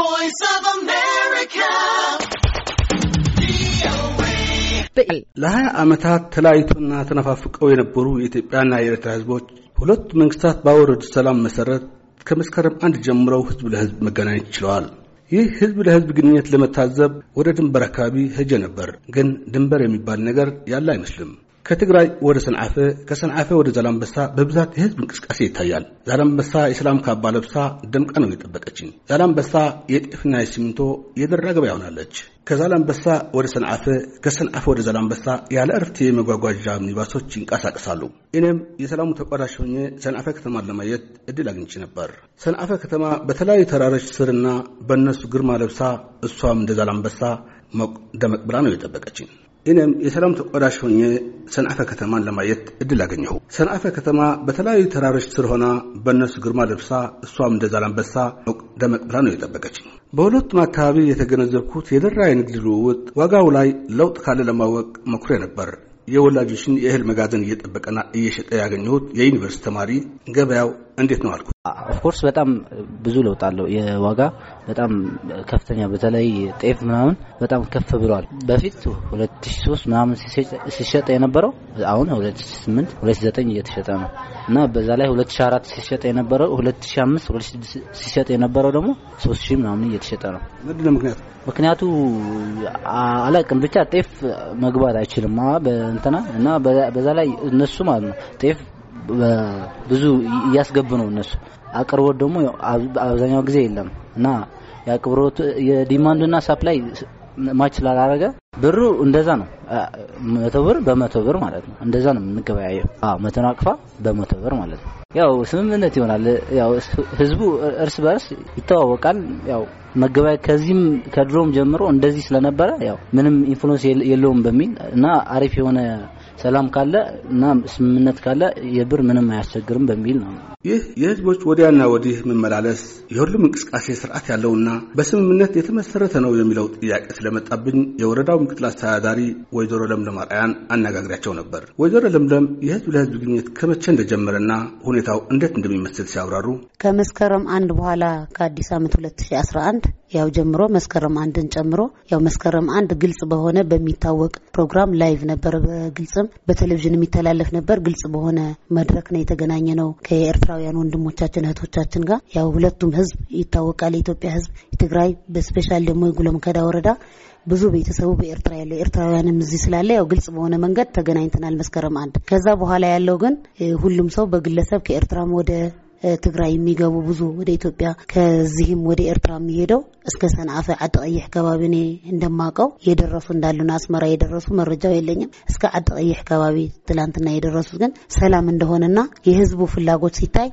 voice of America. ለሀያ ዓመታት ተለያይቶና ተነፋፍቀው የነበሩ የኢትዮጵያና የኤርትራ ህዝቦች ሁለቱ መንግስታት ባወረዱት ሰላም መሰረት ከመስከረም አንድ ጀምረው ህዝብ ለህዝብ መገናኘት ችለዋል። ይህ ህዝብ ለህዝብ ግንኙነት ለመታዘብ ወደ ድንበር አካባቢ ሄጄ ነበር፣ ግን ድንበር የሚባል ነገር ያለ አይመስልም። ከትግራይ ወደ ሰንዓፈ ከሰንዓፈ ወደ ዛላምበሳ በብዛት የህዝብ እንቅስቃሴ ይታያል። ዛላምበሳ የሰላም ካባ ለብሳ ደምቃ ነው የጠበቀችኝ። ዛላምበሳ የጤፍና የሲሚንቶ የደራ ገበያ ሆናለች። ከዛላምበሳ ወደ ሰንዓፈ ከሰንዓፈ ወደ ዛላምበሳ ያለ እርፍት የመጓጓዣ ሚኒባሶች ይንቀሳቀሳሉ። እኔም የሰላሙ ተቋዳሽ ሆኜ ሰንዓፈ ከተማ ለማየት እድል አግኝቼ ነበር። ሰንዓፈ ከተማ በተለያዩ ተራሮች ስርና በእነሱ ግርማ ለብሳ እሷም እንደ ዛላምበሳ ደመቅ ብላ ነው የጠበቀችኝ። እኔም የሰላም ተቋዳሽ ሆኜ ሰንዓፈ ከተማን ለማየት እድል አገኘሁ። ሰንዓፈ ከተማ በተለያዩ ተራሮች ሆና በእነሱ ግርማ ለብሳ እሷም እንደ ዛላንበሳ ደመቅ ብላ ነው የጠበቀችኝ። በሁለቱም አካባቢ የተገነዘብኩት የደራ የንግድ ልውውጥ ዋጋው ላይ ለውጥ ካለ ለማወቅ መኩሬ ነበር። የወላጆችን የእህል መጋዘን እየጠበቀና እየሸጠ ያገኘሁት የዩኒቨርሲቲ ተማሪ ገበያው እንዴት ነው አልኩ። ኦፍኮርስ በጣም ብዙ ለውጥ አለው። የዋጋ በጣም ከፍተኛ፣ በተለይ ጤፍ ምናምን በጣም ከፍ ብሏል። በፊት 2003 ምናምን ሲሸጥ የነበረው አሁን 2008 2009 እየተሸጠ ነው እና በዛ ላይ 2004 ሲሸጥ የነበረው 2005 2006 ሲሸጥ የነበረው ደግሞ 3000 ምናምን እየተሸጠ ነው። ምንድን ምክንያቱ? ምክንያቱ አላቅም ብቻ ጤፍ መግባት አይችልም እና በዛ ላይ እነሱ ማለት ነው ጤፍ ብዙ እያስገቡ ነው እነሱ። አቅርቦት ደግሞ አብዛኛው ጊዜ የለም እና የአቅርቦት የዲማንድና ሳፕላይ ማች ስላላረገ ብሩ እንደዛ ነው። መቶ ብር በመቶ ብር ማለት ነው። እንደዛ ነው የምንገበያየው። መቶ አቅፋ በመቶ ብር ማለት ነው። ያው ስምምነት ይሆናል። ያው ህዝቡ እርስ በርስ ይተዋወቃል። ያው መገበያ ከዚህም ከድሮም ጀምሮ እንደዚህ ስለነበረ ያው ምንም ኢንፍሉዌንስ የለውም በሚል እና አሪፍ የሆነ ሰላም ካለ እና ስምምነት ካለ የብር ምንም አያስቸግርም በሚል ነው። ይህ የህዝቦች ወዲያና ወዲህ መመላለስ የሁሉም እንቅስቃሴ ስርዓት ያለውና በስምምነት የተመሰረተ ነው የሚለው ጥያቄ ስለመጣብኝ የወረዳው ምክትል አስተዳዳሪ ወይዘሮ ለምለም አርአያን አነጋግሪያቸው ነበር። ወይዘሮ ለምለም የህዝብ ለህዝብ ግኝት ከመቼ እንደጀመረና ሁኔታው እንዴት እንደሚመስል ሲያብራሩ ከመስከረም አንድ በኋላ ከአዲስ ዓመት 2011 ያው ጀምሮ መስከረም አንድን ጨምሮ ያው መስከረም አንድ ግልጽ በሆነ በሚታወቅ ፕሮግራም ላይቭ ነበረ በግልጽም ሀሳብ በቴሌቪዥን የሚተላለፍ ነበር። ግልጽ በሆነ መድረክ ነው የተገናኘ ነው ከኤርትራውያን ወንድሞቻችን እህቶቻችን ጋር። ያው ሁለቱም ህዝብ ይታወቃል። የኢትዮጵያ ህዝብ የትግራይ በስፔሻል ደግሞ የጉለምከዳ ወረዳ ብዙ ቤተሰቡ በኤርትራ ያለው ኤርትራውያንም እዚህ ስላለ ያው ግልጽ በሆነ መንገድ ተገናኝተናል መስከረም አንድ። ከዛ በኋላ ያለው ግን ሁሉም ሰው በግለሰብ ከኤርትራም ወደ ትግራይ የሚገቡ ብዙ ወደ ኢትዮጵያ ከዚህም ወደ ኤርትራ የሚሄደው እስከ ሰንአፈ ዓዲ ከባቢ እኔ እንደማውቀው የደረሱ እንዳሉና አስመራ የደረሱ መረጃው የለኝም። እስከ ዓዲ ከባቢ ትላንትና የደረሱት ግን ሰላም እንደሆነና የህዝቡ ፍላጎት ሲታይ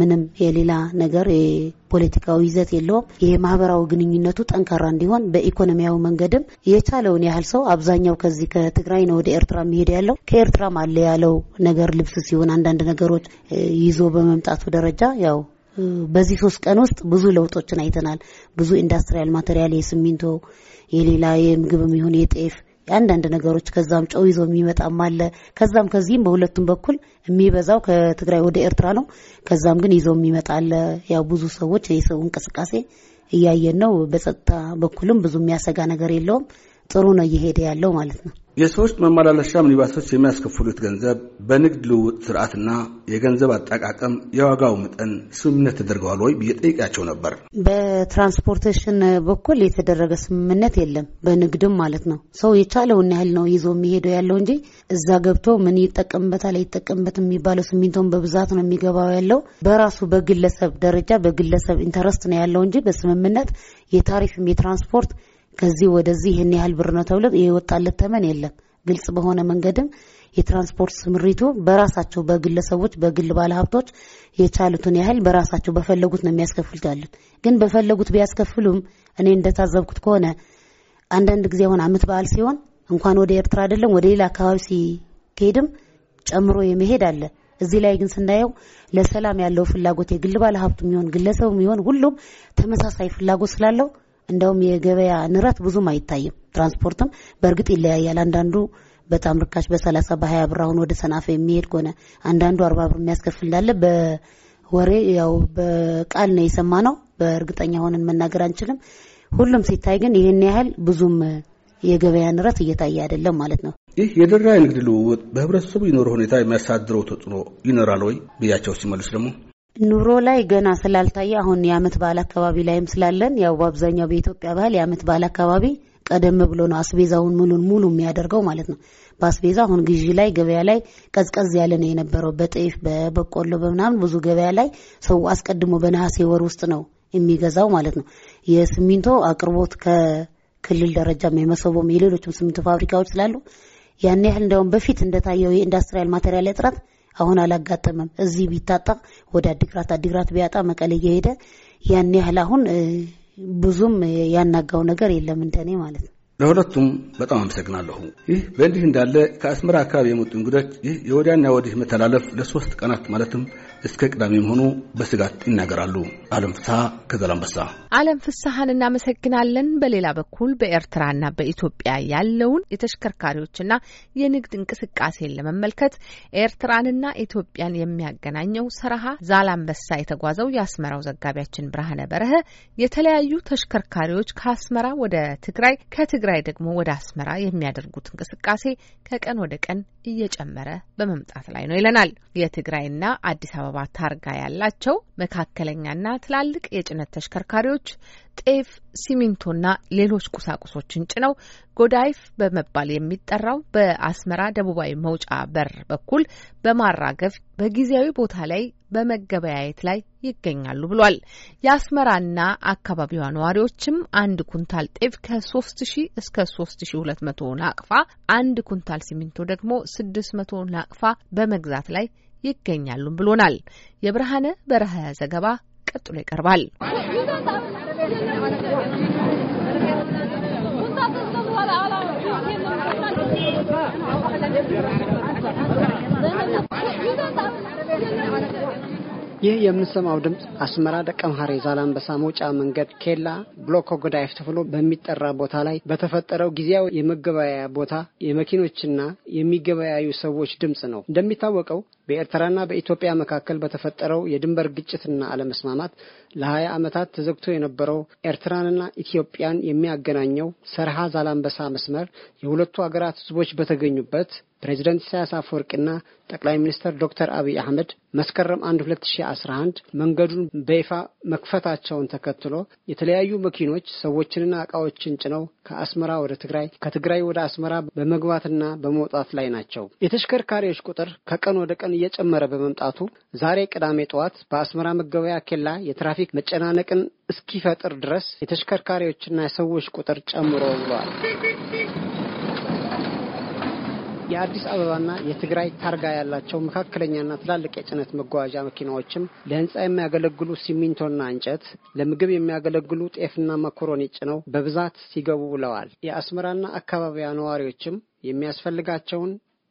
ምንም የሌላ ነገር የፖለቲካዊ ይዘት የለውም። ይሄ ማህበራዊ ግንኙነቱ ጠንካራ እንዲሆን በኢኮኖሚያዊ መንገድም የቻለውን ያህል ሰው አብዛኛው ከዚህ ከትግራይ ነው ወደ ኤርትራ የሚሄድ ያለው። ከኤርትራም አለ ያለው ነገር ልብስ ሲሆን አንዳንድ ነገሮች ይዞ በመምጣቱ ደረጃ ያው በዚህ ሶስት ቀን ውስጥ ብዙ ለውጦችን አይተናል። ብዙ ኢንዱስትሪያል ማቴሪያል የሲሚንቶ፣ የሌላ የምግብም ይሁን የጤፍ የአንዳንድ ነገሮች ከዛም ጨው ይዞ የሚመጣም አለ። ከዛም ከዚህም በሁለቱም በኩል የሚበዛው ከትግራይ ወደ ኤርትራ ነው። ከዛም ግን ይዞ የሚመጣ አለ። ያው ብዙ ሰዎች የሰው እንቅስቃሴ እያየን ነው። በጸጥታ በኩልም ብዙ የሚያሰጋ ነገር የለውም። ጥሩ ነው እየሄደ ያለው ማለት ነው። የሰዎች መመላለሻ ሚኒባሶች የሚያስከፍሉት ገንዘብ በንግድ ልውውጥ ስርዓትና የገንዘብ አጠቃቀም የዋጋው መጠን ስምምነት ተደርገዋል ወይ ብዬ ነበር። በትራንስፖርቴሽን በኩል የተደረገ ስምምነት የለም። በንግድም ማለት ነው ሰው የቻለውን ያህል ነው ይዞ የሚሄደው ያለው እንጂ እዛ ገብቶ ምን ይጠቀምበታል ይጠቀምበት የሚባለው ሲሚንቶን በብዛት ነው የሚገባው ያለው። በራሱ በግለሰብ ደረጃ በግለሰብ ኢንተረስት ነው ያለው እንጂ በስምምነት የታሪፍም የትራንስፖርት ከዚህ ወደዚህ ይህን ያህል ብር ነው ተብሎ የወጣለት ተመን የለም። ግልጽ በሆነ መንገድም የትራንስፖርት ስምሪቱ በራሳቸው በግለሰቦች በግል ባለሀብቶች የቻሉትን ያህል በራሳቸው በፈለጉት ነው የሚያስከፍሉት ያሉት። ግን በፈለጉት ቢያስከፍሉም እኔ እንደታዘብኩት ከሆነ አንዳንድ ጊዜ አሁን አመት በዓል ሲሆን እንኳን ወደ ኤርትራ አይደለም ወደ ሌላ አካባቢ ሲሄድም ጨምሮ የመሄድ አለ። እዚህ ላይ ግን ስናየው ለሰላም ያለው ፍላጎት የግል ባለሀብቱ የሚሆን ግለሰቡ የሚሆን ሁሉም ተመሳሳይ ፍላጎት ስላለው እንደውም የገበያ ንረት ብዙም አይታይም። ትራንስፖርትም በእርግጥ ይለያያል። አንዳንዱ በጣም ርካሽ በሰላሳ በሀያ ብር አሁን ወደ ሰናፈ የሚሄድ ከሆነ አንዳንዱ አርባ ብር የሚያስከፍል በወሬ ያው በቃል ነው የሰማ ነው። በእርግጠኛ ሆነን መናገር አንችልም። ሁሉም ሲታይ ግን ይህን ያህል ብዙም የገበያ ንረት እየታየ አይደለም ማለት ነው። ይህ የደራ የንግድ ልውውጥ በህብረተሰቡ ይኖረ ሁኔታ የሚያሳድረው ተጽዕኖ ይኖራል ወይ ብያቸው ሲመልስ ደግሞ ኑሮ ላይ ገና ስላልታየ አሁን የአመት በዓል አካባቢ ላይም ስላለን ያው በአብዛኛው በኢትዮጵያ ባህል የአመት በዓል አካባቢ ቀደም ብሎ ነው አስቤዛውን ሙሉን ሙሉ የሚያደርገው ማለት ነው። በአስቤዛ አሁን ግዢ ላይ ገበያ ላይ ቀዝቀዝ ያለ ነው የነበረው። በጤፍ በበቆሎ በምናምን ብዙ ገበያ ላይ ሰው አስቀድሞ በነሐሴ ወር ውስጥ ነው የሚገዛው ማለት ነው። የስሚንቶ አቅርቦት ከክልል ደረጃም የመሰቦም የሌሎችም ስሚንቶ ፋብሪካዎች ስላሉ ያን ያህል እንደውም በፊት እንደታየው የኢንዱስትሪያል ማቴሪያል እጥረት አሁን አላጋጠመም። እዚህ ቢታጣ ወደ አዲግራት፣ አዲግራት ቢያጣ መቀሌ እየሄደ ያን ያህል አሁን ብዙም ያናጋው ነገር የለም እንደኔ ማለት ነው። ለሁለቱም በጣም አመሰግናለሁ። ይህ በእንዲህ እንዳለ ከአስመራ አካባቢ የመጡ እንግዶች ይህ የወዲያና ወዲህ መተላለፍ ለሶስት ቀናት ማለትም እስከ ቅዳሜ መሆኑ በስጋት ይናገራሉ። አለም ፍስሐ ከዘላንበሳ። አለም ፍስሐን እናመሰግናለን። በሌላ በኩል በኤርትራና በኢትዮጵያ ያለውን የተሽከርካሪዎችና የንግድ እንቅስቃሴን ለመመልከት ኤርትራንና ኢትዮጵያን የሚያገናኘው ሰረሃ ዛላንበሳ የተጓዘው የአስመራው ዘጋቢያችን ብርሃነ በረሀ የተለያዩ ተሽከርካሪዎች ከአስመራ ወደ ትግራይ ትግራይ ደግሞ ወደ አስመራ የሚያደርጉት እንቅስቃሴ ከቀን ወደ ቀን እየጨመረ በመምጣት ላይ ነው ይለናል። የትግራይና አዲስ አበባ ታርጋ ያላቸው መካከለኛና ትላልቅ የጭነት ተሽከርካሪዎች ጤፍ፣ ሲሚንቶና ሌሎች ቁሳቁሶችን ጭነው ጎዳይፍ በመባል የሚጠራው በአስመራ ደቡባዊ መውጫ በር በኩል በማራገፍ በጊዜያዊ ቦታ ላይ በመገበያየት ላይ ይገኛሉ ብሏል። የአስመራና አካባቢዋ ነዋሪዎችም አንድ ኩንታል ጤፍ ከ3000 እስከ 3200 ናቅፋ፣ አንድ ኩንታል ሲሚንቶ ደግሞ 600 ናቅፋ በመግዛት ላይ ይገኛሉ ብሎናል። የብርሃነ በረሃ ዘገባ ቀጥሎ ይቀርባል። ይህ የምንሰማው ድምፅ አስመራ ደቀምሐሬ ዛላንበሳ መውጫ መንገድ ኬላ ብሎኮ ጎዳይፍ ተብሎ በሚጠራ ቦታ ላይ በተፈጠረው ጊዜያዊ የመገበያያ ቦታ የመኪኖችና የሚገበያዩ ሰዎች ድምፅ ነው። እንደሚታወቀው በኤርትራና በኢትዮጵያ መካከል በተፈጠረው የድንበር ግጭትና አለመስማማት ለሀያ ዓመታት ተዘግቶ የነበረው ኤርትራንና ኢትዮጵያን የሚያገናኘው ሰርሃ ዛላንበሳ መስመር የሁለቱ አገራት ህዝቦች በተገኙበት ፕሬዚደንት ኢሳያስ አፈወርቂና ጠቅላይ ሚኒስትር ዶክተር አብይ አህመድ መስከረም 1 ሁለት መንገዱን በይፋ መክፈታቸውን ተከትሎ የተለያዩ መኪኖች ሰዎችንና እቃዎችን ጭነው ከአስመራ ወደ ትግራይ ከትግራይ ወደ አስመራ በመግባትና በመውጣት ላይ ናቸው። የተሽከርካሪዎች ቁጥር ከቀን ወደ ቀን እየጨመረ በመምጣቱ ዛሬ ቅዳሜ ጠዋት በአስመራ መገበያ ኬላ የትራፊክ የትራፊክ መጨናነቅን እስኪፈጥር ድረስ የተሽከርካሪዎችና የሰዎች ቁጥር ጨምሮ ውሏል። የአዲስ አበባና የትግራይ ታርጋ ያላቸው መካከለኛና ትላልቅ የጭነት መጓዣ መኪናዎችም ለህንፃ የሚያገለግሉ ሲሚንቶና እንጨት፣ ለምግብ የሚያገለግሉ ጤፍና መኮሮኒ ጭነው በብዛት ሲገቡ ብለዋል። የአስመራና አካባቢያ ነዋሪዎችም የሚያስፈልጋቸውን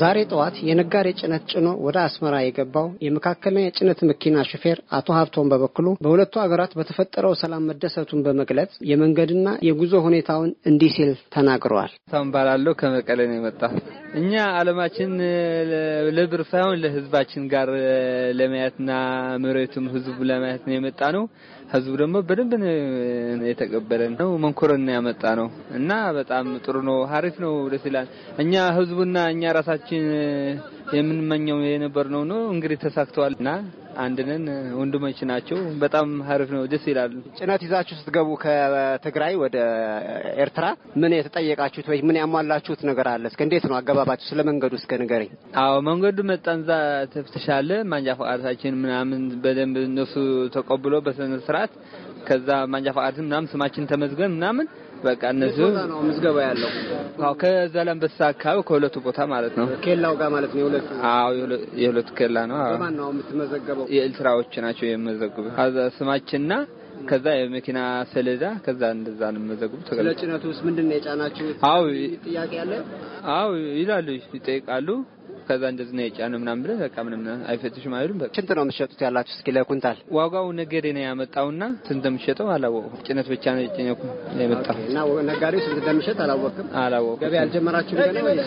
ዛሬ ጠዋት የነጋዴ ጭነት ጭኖ ወደ አስመራ የገባው የመካከለኛ የጭነት መኪና ሹፌር አቶ ሀብቶን በበኩሉ በሁለቱ ሀገራት በተፈጠረው ሰላም መደሰቱን በመግለጽ የመንገድና የጉዞ ሁኔታውን እንዲህ ሲል ተናግረዋል። ታምባላለሁ ከመቀሌ ነው የመጣ እኛ አለማችን ለብር ሳይሆን ለህዝባችን ጋር ለማየትና መሬቱም ህዝቡ ለማየት ነው የመጣ ነው። ህዝቡ ደግሞ በደንብ የተቀበለን ነው። መንኮረን ያመጣ ነው እና በጣም ጥሩ ነው፣ ሀሪፍ ነው፣ ደስ ይላል። እኛ ህዝቡና እኛ ራሳችን የምንመኘው የነበር ነው ነው እንግዲህ ተሳክተዋል እና አንድነን ወንድሞች ናቸው። በጣም ሀሪፍ ነው፣ ደስ ይላል። ጭነት ይዛችሁ ስትገቡ ከትግራይ ወደ ኤርትራ ምን የተጠየቃችሁት ወይ ምን ያሟላችሁት ነገር አለ? እስከ እንዴት ነው አገባባችሁ? ስለ መንገዱ እስከ ንገረኝ። አዎ መንገዱ መጣንዛ ተፍትሻለ። ማንጃ ፈቃዳችን ምናምን በደንብ እነሱ ተቀብሎ በስነ ስርዓት ከዛ ማንጃ ፈቃዳችን ምናምን ስማችን ተመዝገን ምናምን በቃ እነዚህ ነው ምዝገባ ያለው። አዎ ከዛላምበሳ አካባቢ ከሁለቱ ቦታ ማለት ነው። ኬላው ጋር ማለት ነው የሁለቱ። አዎ የሁለቱ ኬላ ነው። አዎ ማን ነው የምትመዘገበው? የኤልትራዎች ናቸው የመዘገቡት። ከዛ ስማችንና ከዛ የመኪና ሰሌዳ ከዛ እንደዛ ነው የመዘገቡት። ስለ ጭነቱስ ምንድን ነው የጫናችሁት? አዎ ጥያቄ አለ። አዎ ይላሉ፣ ይጠይቃሉ ከዛ እንደዚህ ነው የጫነ ምናምን ብለህ በቃ ምንም አይፈትሽም አይሉም። በቃ ስንት ነው የምትሸጡት ያላችሁ? እስኪ ለኩንታል ዋጋው ነገዴ ነው ያመጣውና ስንት እንደምትሸጠው አላወቅሁም። ጭነት ብቻ ነው የጭኘኩ የመጣው እና ነጋዴው ስንት እንደምትሸጥ አላወቅም። አላወቅሁም። ገበያ አልጀመራችሁ ገና ወይ?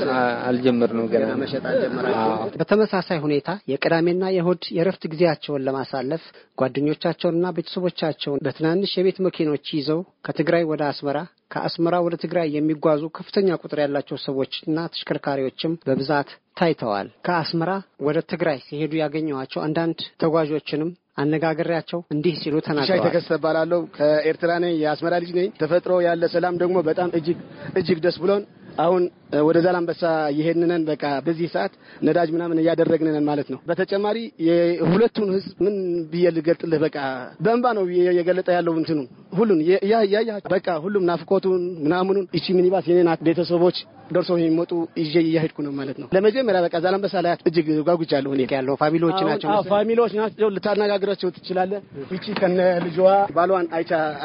አልጀመርንም ገና መሸጥ አልጀመራችሁ። በተመሳሳይ ሁኔታ የቅዳሜና የእሁድ የእረፍት ጊዜያቸውን ለማሳለፍ ጓደኞቻቸውንና ቤተሰቦቻቸውን በትናንሽ የቤት መኪኖች ይዘው ከትግራይ ወደ አስመራ ከአስመራ ወደ ትግራይ የሚጓዙ ከፍተኛ ቁጥር ያላቸው ሰዎችና ተሽከርካሪዎችም በብዛት ታይተዋል። ከአስመራ ወደ ትግራይ ሲሄዱ ያገኘኋቸው አንዳንድ ተጓዦችንም አነጋግሬያቸው እንዲህ ሲሉ ተናግረዋል። ሻይ እባላለሁ። ከኤርትራ ነኝ። የአስመራ ልጅ ነኝ። ተፈጥሮ ያለ ሰላም ደግሞ በጣም እጅግ እጅግ ደስ ብሎን አሁን ወደ ዛላንበሳ እየሄድንን በቃ በዚህ ሰዓት ነዳጅ ምናምን እያደረግንን ማለት ነው። በተጨማሪ የሁለቱን ህዝብ ምን ብዬ ልገልጥልህ? በቃ በእንባ ነው የገለጠ ያለው እንትኑ ሁሉን እያያቸው በቃ ሁሉም ናፍቆቱን ምናምኑን እቺ ሚኒባስ የኔ ናት። ቤተሰቦች ደርሶ የሚመጡ ይዤ እያሄድኩ ነው ማለት ነው። ለመጀመሪያ በቃ ዛላንበሳ ላያት እጅግ ጓጉቻለሁ። እኔ ያለው ፋሚሊዎች ናቸው ፋሚሊዎች ናቸው። ልታነጋግራቸው ትችላለህ። እቺ ከነ ልጅዋ ባሏን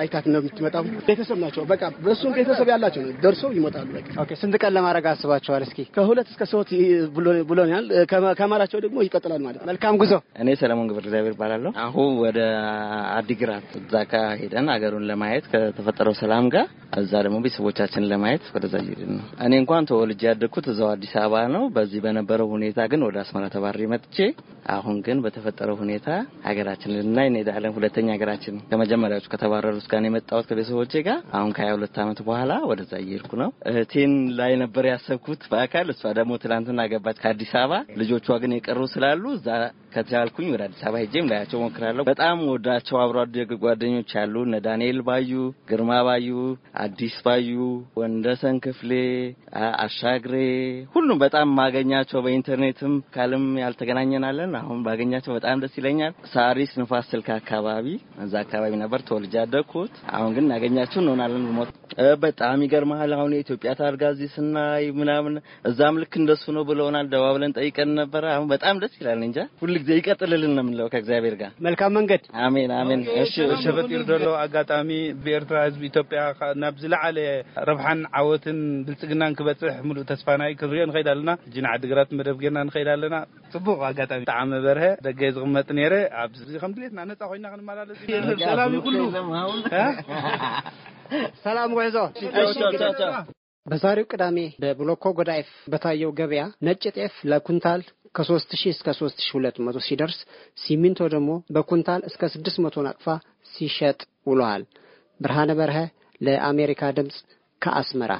አይታት ነው የምትመጣው። ቤተሰብ ናቸው በቃ በእሱም ቤተሰብ ያላቸው ነው። ደርሶ ይመጣሉ። በቃ ስንት ቀን ለማድረግ አስባቸዋል? እስኪ ከሁለት እስከ ሶስት ብሎኛል። ከማላቸው ደግሞ ይቀጥላል ማለት ነው። መልካም ጉዞ። እኔ ሰለሞን ግብር እግዚአብሔር ይባላለሁ። አሁን ወደ አዲግራት እዛ ሄደን አገሩ ባህሉን ለማየት ከተፈጠረው ሰላም ጋር እዛ ደግሞ ቤተሰቦቻችን ለማየት ወደዛ እየሄድን ነው። እኔ እንኳን ተወልጄ ያደግኩት እዛው አዲስ አበባ ነው። በዚህ በነበረው ሁኔታ ግን ወደ አስመራ ተባሬ መጥቼ አሁን ግን በተፈጠረው ሁኔታ ሀገራችን ልናይ እንሄዳለን። ሁለተኛ ሀገራችን ከመጀመሪያዎቹ ከተባረሩት ጋር የመጣሁት ከቤተሰቦቼ ጋር አሁን ከሀያ ሁለት አመት በኋላ ወደዛ እየሄድኩ ነው። እህቴን ላይ ነበር ያሰብኩት በአካል እሷ ደግሞ ትላንትና ገባች ከአዲስ አበባ። ልጆቿ ግን የቀሩ ስላሉ እዛ ከቻልኩኝ ወደ አዲስ አበባ ሄጄም ላያቸው ሞክራለሁ። በጣም ወዳቸው አብሮ አደግ ጓደኞች ያሉ እነ ዳንኤል ዳንኤል ባዩ፣ ግርማ ባዩ፣ አዲስ ባዩ፣ ወንደሰን ክፍሌ፣ አሻግሬ ሁሉም በጣም ማገኛቸው በኢንተርኔትም ካልም ያልተገናኘናለን። አሁን ባገኛቸው በጣም ደስ ይለኛል። ሳሪስ ንፋስ ስልክ አካባቢ እዛ አካባቢ ነበር ተወልጄ ያደግኩት። አሁን ግን ያገኛቸው እንሆናለን። ሞት በጣም ይገርመሃል። አሁን የኢትዮጵያ ታርጋ እዚህ ስናይ ምናምን እዛም ልክ እንደሱ ነው ብለውናል። ብለን ጠይቀን ነበረ። አሁን በጣም ደስ ይላል። እንጃ ሁልጊዜ ይቀጥልልን ነው የምንለው ከእግዚአብሔር ጋር መልካም መንገድ። አሜን አሜን። እሺ ሸበጥ ይርደለው አጋጣሚ ብጣዕሚ ብኤርትራ ህዝቢ ኢትዮጵያ ናብ ዝለዓለ ረብሓን ዓወትን ብልፅግናን ክበፅሕ ሙሉእ ተስፋናይ ክንሪኦ ንኸይድ ኣለና ጅና ዓዲግራት መደብ ጌርና ንኸይድ ኣለና ፅቡቅ ኣጋጣሚ ጣዕሚ በርሀ ደገ ዝቕመጥ ነረ ኣብዚ ከም ድሌትና ነፃ ኮይና ክንመላለስ ሰላም ይኩሉ ሰላም ጉዕዞ በዛሬው ቅዳሜ በብሎኮ ጎዳኤፍ በታየው ገበያ ነጭ ጤፍ ለኩንታል ከ3000 እስከ 3200 ሲደርስ ሲሚንቶ ደግሞ በኩንታል እስከ 600 ናቅፋ ሲሸጥ ውሏል። ብርሃነ በርሀ ለአሜሪካ ድምጽ ከአስመራ